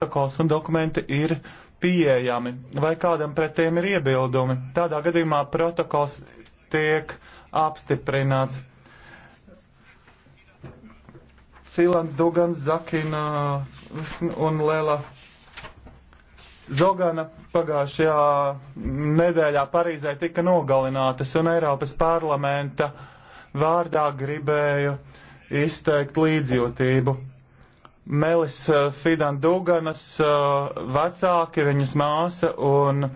protokols un dokumenti ir pieejami, vai kādam pret tiem ir iebildumi. Tādā gadījumā protokols tiek apstiprināts. Filans Dugans, Zakina un Lela Zogana pagājušajā nedēļā Parīzē tika nogalinātas un Eiropas parlamenta vārdā gribēju izteikt līdzjūtību. Melis eh, Fidan Duganas eh, vecāki, viņas māsa un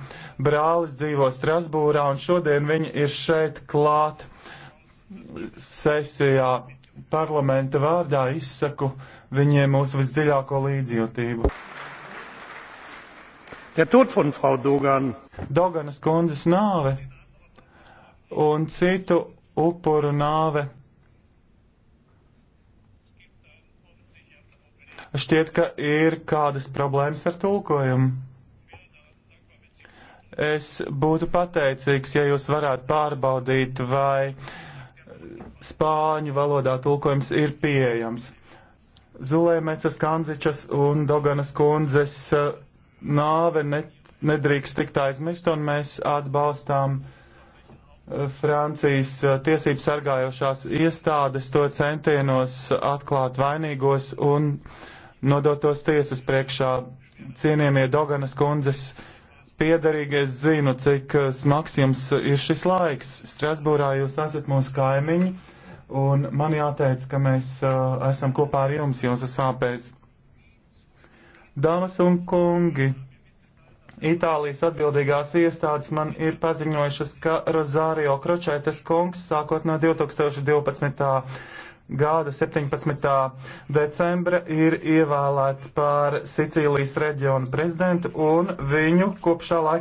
brālis dzīvo Strasbūrā, un šodien viņi ir šeit klāt sesijā parlamenta vārdā izsaku viņiem mūsu visdziļāko līdzjūtību. Der Tod von Frau Dogan. Doganas kundzes nāve un citu upuru nāve Šķiet, ka ir kādas problēmas ar tulkojumu. Es būtu pateicīgs, ja jūs varētu pārbaudīt, vai spāņu valodā tulkojums ir pieejams. Zulēmecas Kanzičas un Doganas kundzes uh, nāve net, nedrīkst tikt aizmirst, un mēs atbalstām uh, Francijas uh, tiesību sargājošās iestādes to centienos atklāt vainīgos un uh, nodotos tiesas priekšā. Cienījamie Doganas kundzes piedarīgi, es zinu, cik eh, smags jums ir šis laiks. Strasbūrā jūs esat mūsu kaimiņi, un man jāteic, ka mēs uh, esam kopā ar jums, jūs esat sāpēs. Dāmas un kungi, Itālijas atbildīgās iestādes man ir paziņojušas, ka Rozārio Kročētas kungs sākot no 2012 gada 17. decembra ir ievēlēts par Sicīlijas reģionu prezidentu un viņu kopš šā laika.